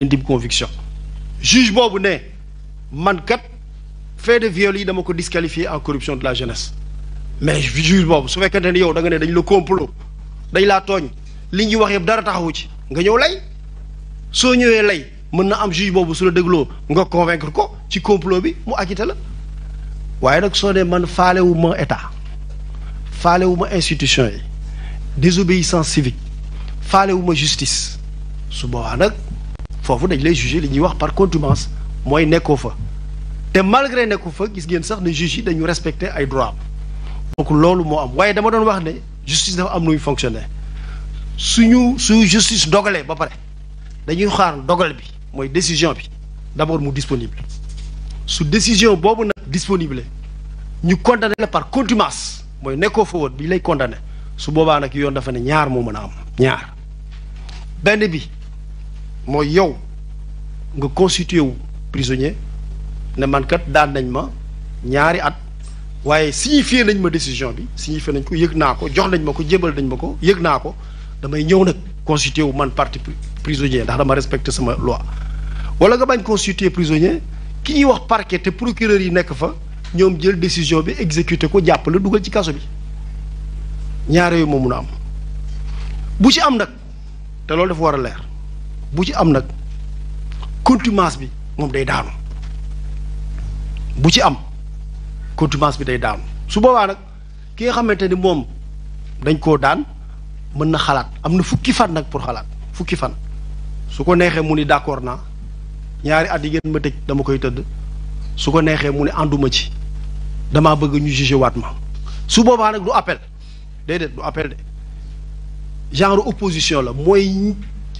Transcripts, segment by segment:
une deep conviction juge boobu ne man kat fait de viol yi dama ko disqualifier en corruption de la jeunesse mais juge boobu su fekkente ne yow da nga ne dañu la complot dañ laa tooñ li ñuy wax yëpp dara taxawu ci nga ñëw lay soo ñëwee lay mën na am juge boobu su la dégloo nga convaincre ko ci complot bi mu acquitté la waaye nag soo ne man faalewu ma état faalewu ma institution yi désobéissance civique faalewu ma justice su boobaa nag foofu dañ lay juger li ñuy wax par contumace mooy nekkoo fa te malgré nekku fa gis ngeen sax ne juge yi dañu respecter ay droit donc loolu moo am waaye dama doon wax ne justice dafa am nuy fonctionner suñu su justice dogalee ba pare dañuy xaar dogal bi mooy décision bi d'abord mu disponible su décision boobu nag disponible ñu condamné par contumace mooy nekkoo fa woon bi lay condamné su boobaa nag yoon dafa ne ñaar moo mën a am ñaar benn bi mooy yow nga constitué wu prisonnier ne man kat daan nañ ma ñaari at waaye si signifié nañ ma décision bi signifié nañ ko yëg naa ko jox nañ ma ko jébal nañ ma ko yëg naa ko damay ñëw nag constitué wu man parti prisonnier ndax dama respecté sama loi wala nga bañ constitué prisonnier ki ñuy wax parquet te procureur yi nekk fa ñoom jël décision bi exécuté ko jàppale dugal ci kaso bi ñaar yooyu moo mun a am bu ci am nag te loolu dafa war a leer bu ci am nag. contimence bi moom day daanu bu ci am contumace bi day daanu su boobaa nag ki nga xamante ni moom dañ koo daan mën na xalaat am na fukki fan nag pour xalaat fukki fan su ko neexee mu ni d'accord naa ñaari at yi ngeen ma tëj dama koy tëdd su ko neexee mu ne ànduma ci damaa bëgg ñu jugé waat su boobaa nag du appel déedéet du appel genre opposition la mooy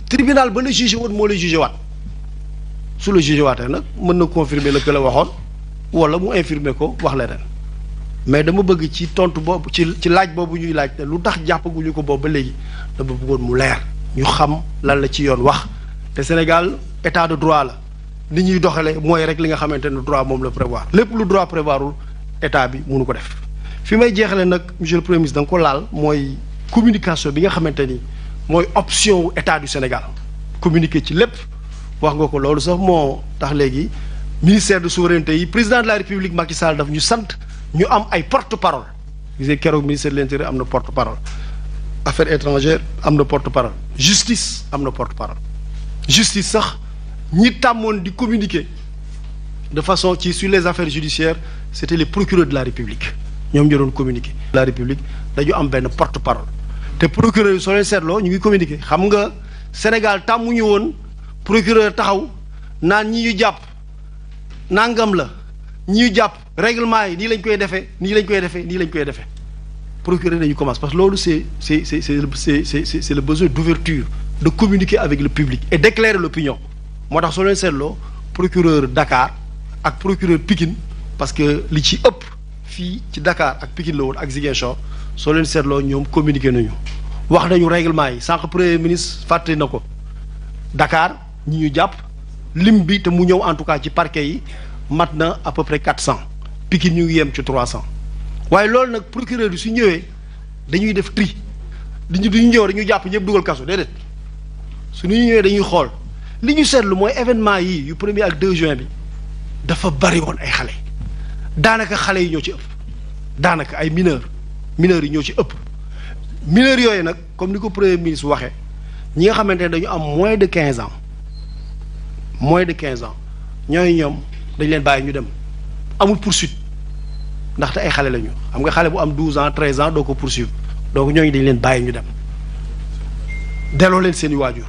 tribunal ba la jugé woon moo lay jugé waat su la jugé waatee nag mën na confirmer la que la waxoon wala mu infirmer ko wax leneen mais dama bëgg ci tontu boobu ci ci laaj boobu ñuy laaj ne lu tax jàppaguñu ko boobu ba léegi dama bëggoon mu leer ñu xam lan la ci yoon wax te Sénégal état de droit la li ñuy doxale mooy rek li nga xamante ne droit moom la prévoir lépp lu droit prévoirul état bi munu ko def fi may jeexale nag monsieur le premier ministre da ko laal mooy communication bi nga xamante ni mooy option wu état du Sénégal communiquer ci lépp wax nga ko loolu sax moo tax léegi ministère de souveraineté yi président de la république Macky Sall daf ñu sant ñu am ay porte parole gisee keroog ministère de l'intérieur am na porte parole affaire étrangères am na porte parole justice am na porte parole justice sax ñi tàmmoon di communiqué de façon ci sur les affaires judiciaires c'était les procureurs de la république ñoom ñu doon communiquer. la république dañu am benn porte parole te procureurs yi soo leen seetloo ñu ngi communiquer xam nga Sénégal tàmmuñu woon. procureur taxaw naan ñi ñu jàpp nangam la ñi ñu jàpp règlement yi nii lañ koy defee nii lañ koy defee nii lañ koy defee procureur nañu commence parce que loolu c'est c'est c'est c'est c'est c'est le besoin d'ouverture de communiquer avec le public et d'éclairer l'opinion moo tax soo leen seetloo procureur Dakar ak procureur Pikine parce que li ci ëpp fii ci Dakar ak Pikine la woon ak Ziguinchor soo leen seetloo ñoom communiquer nañu wax nañu réglement yi sànq premier ministre fàttali na ko Dakar ñi ñu jàpp lim bi te mu ñëw en tout cas ci parquet yi mat na à peu près cent Pikine ñu ngi yem ci trois cent waaye loolu nag procureur yi su ñëwee dañuy def tri diñu duñu ñëw dañuy jàpp ñëpp dugal kaso déedéet su ñu ñëwee dañuy xool li ñu seetlu mooy événement yi yu premier ak deux juin bi dafa bari woon ay xale daanaka xale yi ñoo ci ëpp daanaka ay mineur mineurs yi ñoo ci ëpp mineurs yooyu nag comme ni ko premier ministre waxee ñi nga xamante ne dañu am moins de quinze ans moins de quinze ans ñooñu ñoom dañ leen bàyyi ñu dem amul poursuite ndaxte ay xale lañu xam nga xale bu am douze ans treize ans doo ko poursuivre donc ñooñu dañ leen bàyyi ñu dem delloo leen seen i waajur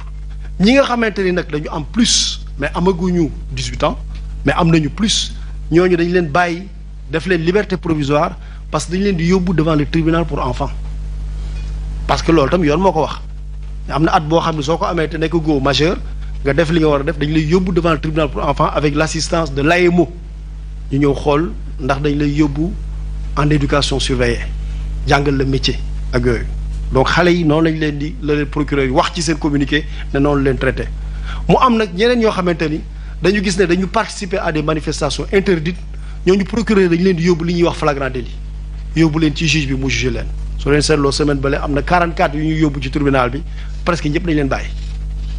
ñi nga xamante ni nag dañu am plus mais amaguñu dix-huit ans mais am nañu plus ñooñu dañu leen bàyyi def leen liberté provisoire parce que dañu leen di yóbbu devant le tribunal pour enfants parce que loolu tam yoon moo ko wax am na at boo xam ne soo ko amee te nekk góo majeur nga def li nga war a def dañu lay yóbbu devant le tribunal pour enfants avec l'assistance de l'AEMO ñu ñëw xool ndax dañu lay yóbbu en éducation surveillée jàngal la métier ak yooyu donc xale yi noonu lañ leen di la leen procureur yi wax ci seen communiqué ne noonu leen traité mu am nag ñeneen ñoo xamante ni dañu gis ne dañu participer à des manifestations interdites ñooñu procureur dañu leen di yóbbu li ñuy wax flagrant délit yóbbu leen ci juge bi mu jugé leen su leen seetloo semaine bale am na yu ñuy yóbbu ci tribunal bi presque ñëpp dañ leen bàyyi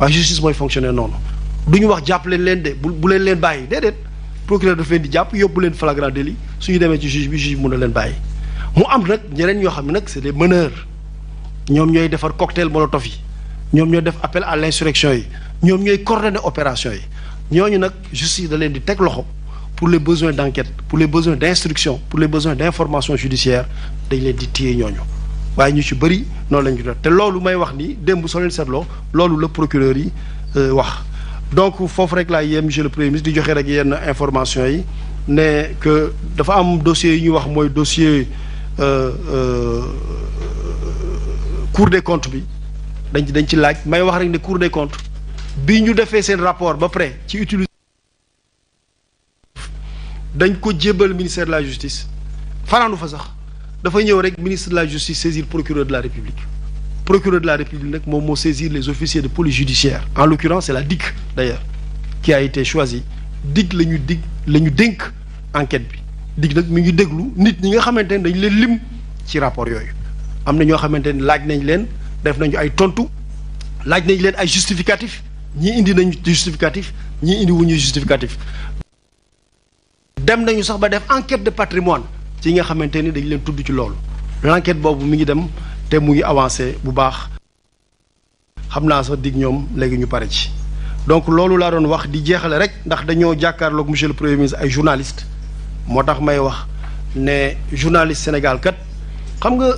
waaye justice mooy fonctionner noonu du ñu wax jàpp leen leen de bu bu leen leen bàyyi déedéet procureur daf leen di jàpp yóbbu leen flagrant délit su demee ci juge bi juge bi mën na leen bàyyi mu am nag ñeneen ñoo xam ne nag c'est des meneurs ñoom ñooy defar cocktail molotov yi ñoom ñooy def appel à l'insurrection yi ñoom ñooy coordonner opération yi ñooñu nag justice da leen di teg loxo pour les besoins d'enquête pour les besoins d'instruction pour les besoins d'information judiciaire dañ leen di téye ñooñu waaye ñu ci bëri noonu la ñu doon te loolu may wax ni démb soo leen loolu la procureur yi euh, wax donc foofu rek laay yem monsieur le premier ministre di joxe rek yenn information yi ne que dafa am dossier yi ñuy wax mooy dossier euh, euh, cour des comptes bi dañ ci dañ ci laaj may wax rek ne cour des comptes bi ñu defee seen rapport ba pare ci utiliser dañ ko jébbal ministère la justice fanaanu fa sax dafa ñëw rek ministre de la justice saisir procureur de la république procureur de la république nag moom moo saisir les officiers de police judiciaire en l'occurrence c'est la DIC d'ailleurs qui ay été choisie DIC la ñu dig la ñu dénk enquête bi DIC nag mi ngi déglu nit ñi nga xamante ne dañ leen lim ci rapport yooyu am na ñoo xamante ne laaj nañ leen def nañu ay tontu laaj nañ leen ay justificatif ñii indi nañu justificatif ñii indi wuñu justificatif dem nañu sax ba def enquête de patrimoine ci nga xamante ni dañ leen tudd ci loolu l'enquête boobu mi ngi dem te mu ngi avancé bu baax xam naa sax dig ñoom léegi ñu pare ci donc loolu laa doon wax di jeexale rek ndax dañoo jàkkaarloog monsieur le premier ministre ay journaliste moo tax may wax ne journaliste Sénégal kat xam nga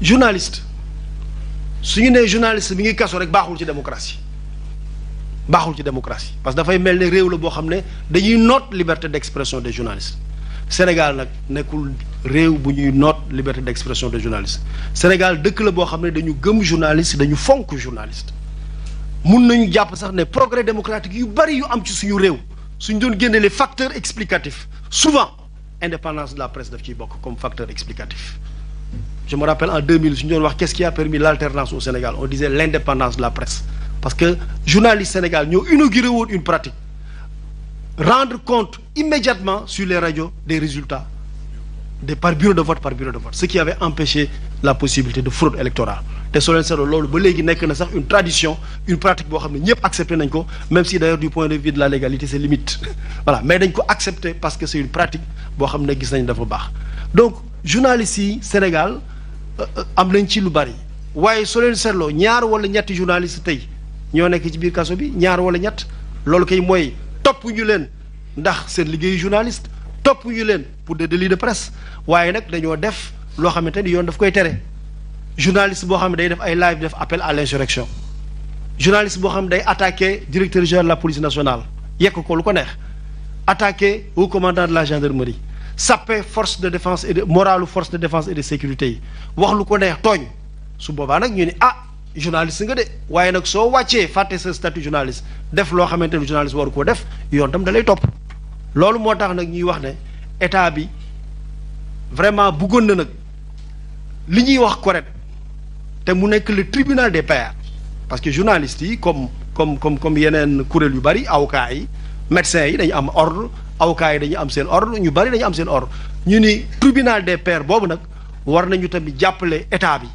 journaliste su ñu nee journaliste bi ngi kaso rek baaxul ci démocratie baaxul ci démocratie parce que dafay mel ne réew la boo xam ne dañuy not liberté d'expression des journalistes Sénégal nag nekkul réew bu ñuy noot liberté d'expression des journalistes Sénégal dëkk la boo xam ne dañu gëm journaliste dañu fonk journaliste mun nañu jàpp sax ne progrès démocratique yu bari yu am ci suñu réew suñ doon génne les facteurs explicatifs souvent indépendance de la presse daf ciy bokk comme facteur explicatif je me rappelle en 2000 suñu doon wax qu'est-ce qui a permis l'alternance au Sénégal on disait l'indépendance de la presse parce que journaliste Sénégal ñoo inauguré woon une pratique rendre compte immédiatement sur les radios des résultat des par bureau de vote par bureau de vote ce qui avait empêché la possibilité de fraude électorale te soo leen loolu ba léegi nekk na sax une tradition une pratique boo xam ne ñëpp accepté nañ ko même si d'ailleurs du point de vue de la légalité c'est limite mais dañ ko accepté parce que c'est une pratique boo xam ne gis nañ dafa baax donc journalistes yi Sénégal euh, am nañ ci lu bari waaye soo seetloo ñaar wala ñetti journalistes tey ñoo nekk ci biir kaso bi ñaar wala ñett loolu kay mooy topp ñu leen ndax seen liggéeyu journaliste topp ñu leen pour de délits de presse waaye nag dañoo def loo xamante ni yoon daf koy tere journaliste boo xam ne day def ay live def appel à l'insurrection journaliste boo xam ne day attaqué directeur général de la police nationale yekk ko lu ko neex attaqué au commandant de la gendarmerie sappe force de défense et de moralu force de défense et de sécurité yi wax lu ko neex tooñ su boobaa nag ñu ne ah journaliste nga de waaye nag soo wàccee fàtte sa statut journaliste def loo xamante ne journaliste waru koo def yoon tam dalay topp loolu moo tax nag ñuy wax ne état bi vraiment buggoon na nag li ñuy wax correct te mu nekk le tribunal des pairs parce que journalistes yi comme comme comme comme yeneen kuréel yu bari avocats yi médecins yi dañ am ordre avocats yi dañu am seen ordre ñu bari dañu am seen ordre ñu ni tribunal des pairs boobu nag war nañu tamit jàppale état bi.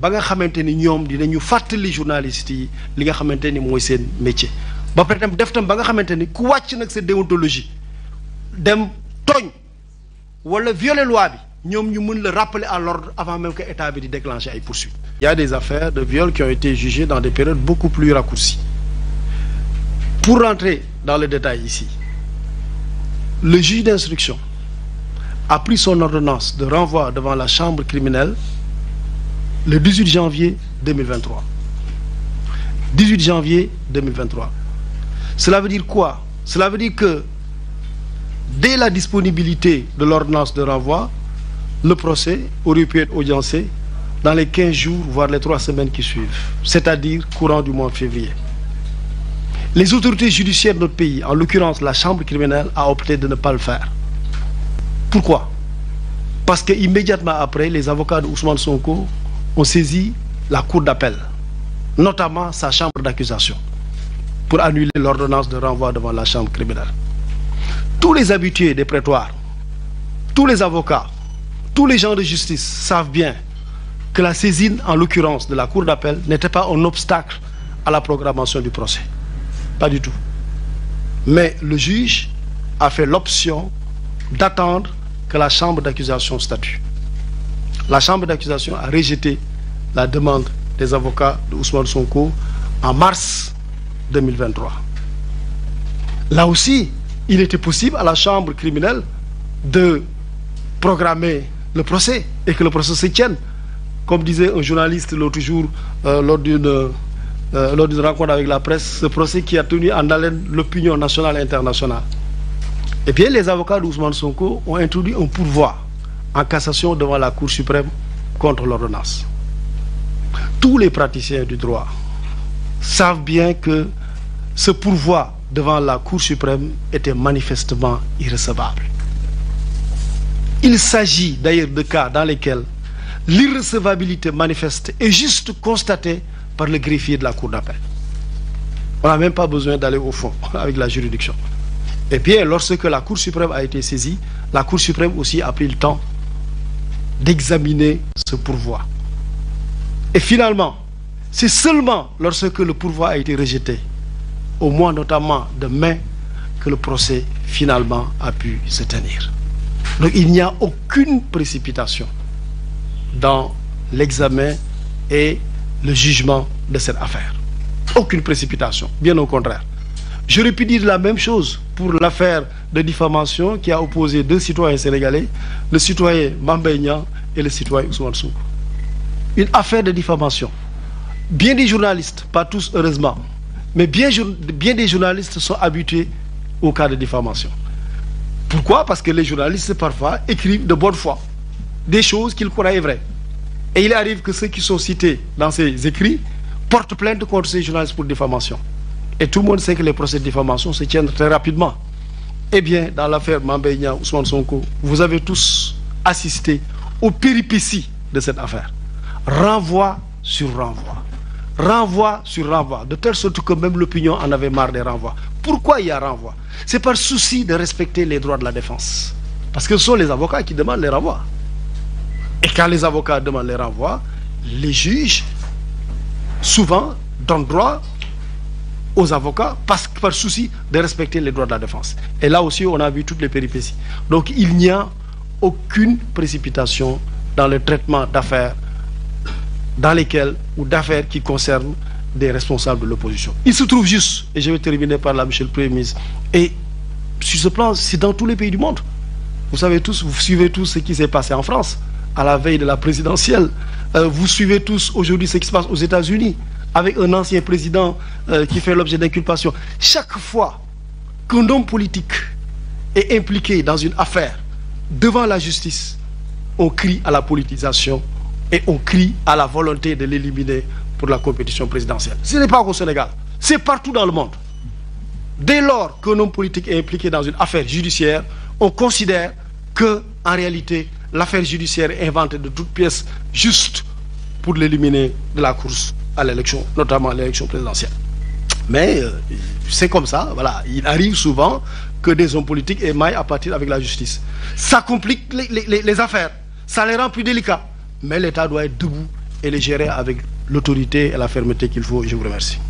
ba nga xamante ni ñoom dinañu fàttali journalistes yi li nga xamante ni mooy seen métier ba pare tam def tam ba nga xamante ni ku wàcc nag sa déontologie dem tooñ wala violer loi bi ñoom ñu mën la rappeler à l'ordre avant même que état bi di déclencher ay poursuites. Il y a des affaires de viol qui ont été jugées dans des périodes beaucoup plus raccourcies pour rentrer dans le détail ici le juge d'instruction a pris son ordonnance de renvoi devant la chambre criminelle le 18 janvier 2023 18 janvier 2023 cela veut dire quoi cela veut que dès la disponibilité de l'ordonnance de renvoi le procès aurait pu être audiencé dans les 15 jours voire les 3 qui suivent c'est-à-dire courant du mois de février les de notre pays en l'occurrence la chambre criminelle a opté de ne pas le faire parce que immédiatement après les avocats de Ousmane ont saisi la cour d'appel, notamment sa chambre d'accusation, pour annuler l'ordonnance de renvoi devant la chambre criminelle. Tous les habitués des prétoires, tous les avocats, tous les gens de justice savent bien que la saisine, en l'occurrence de la cour d'appel, n'était pas un obstacle à la programmation du procès. Pas du tout. Mais le juge a fait l'option d'attendre que la chambre d'accusation statue. La chambre d'accusation a rejeté la demande des avocats de Ousmane Sonko en mars 2023. Là aussi, il était possible à la chambre criminelle de programmer le procès et que le procès se tienne. Comme disait un journaliste l'autre jour euh, euh, lors d'une rencontre avec la presse, ce procès qui a tenu en haleine l'opinion nationale et internationale. Eh bien, les avocats d'Ousmane Sonko ont introduit un pourvoi en cassation devant la Cour suprême contre l'ordonnance. Tous les praticiens du droit savent bien que ce pourvoi devant la Cour suprême était manifestement irrecevable. Il s'agit d'ailleurs de cas dans lesquels l'irrecevabilité manifeste est juste constatée par le greffier de la Cour d'appel. On n'a même pas besoin d'aller au fond avec la juridiction. Et bien, lorsque la Cour suprême a été saisie, la Cour suprême aussi a pris le temps d'examiner ce pourvoi. Et finalement, c'est seulement lorsque le pourvoi a été rejeté, au mois notamment de mai, que le procès finalement a pu se tenir. Donc il n'y a aucune précipitation dans l'examen et le jugement de cette affaire. Aucune précipitation, bien au contraire. J'aurais pu dire la même chose pour l'affaire de diffamation qui a opposé deux citoyens sénégalais, le citoyen Mambéignan et le citoyen Ousmane Sonko. Une affaire de diffamation. Bien des journalistes, pas tous heureusement, mais bien, bien des journalistes sont habitués au cas de diffamation. Pourquoi Parce que les journalistes parfois écrivent de bonne foi des choses qu'ils croyaient vraies. Et il arrive que ceux qui sont cités dans ces écrits portent plainte contre ces journalistes pour Et tout le monde sait que les procès de diffamation se tiennent très rapidement. Eh bien, dans l'affaire Mame Mbaye Niang, Ousmane Sonko, vous avez tous assisté aux péripéties de cette affaire. Renvoi sur renvoi. Renvoi sur renvoi, de telle sorte que même l'opinion en avait marre des renvois. Pourquoi il y a renvoi? C'est par souci de respecter les droits de la défense. Parce que ce sont les avocats qui demandent les renvois. Et quand les avocats demandent les renvois, les juges souvent aux avocats parce que par souci de respecter les droits de la défense. Et là aussi, on a vu toutes les péripéties. Donc il n'y a aucune précipitation dans le traitement d'affaires dans lesquelles ou d'affaires qui concernent des responsables de l'opposition. Il se trouve juste, et je vais terminer par là, monsieur le Premier ministre, et sur ce plan, c'est dans tous les pays du monde. Vous savez tous, vous suivez tous ce qui s'est passé en France à la veille de la présidentielle. Euh, vous suivez tous aujourd'hui ce qui se passe aux États-Unis. avec un ancien président euh, qui fait l'objet d'inculpation chaque fois qu'un homme politique est impliqué dans une affaire devant la justice on crie à la politisation et on crie à la volonté de l'éliminer pour la compétition présidentielle ce n'est pas qu'au Sénégal c'est partout dans le monde dès lors qu'un homme politique est impliqué dans une affaire judiciaire on considère que en réalité l'affaire judiciaire est inventée de toutes pièces juste pour l'éliminer de la course à l'élection notamment à l'élection présidentielle mais euh, c'est comme ça voilà il arrive souvent que des hommes politiques émaillent à partir avec la justice ça complique les, les, les affaires ça les rend plus délicats mais l'État doit être debout et les gérer avec l'autorité et la fermeté qu'il faut je vous remercie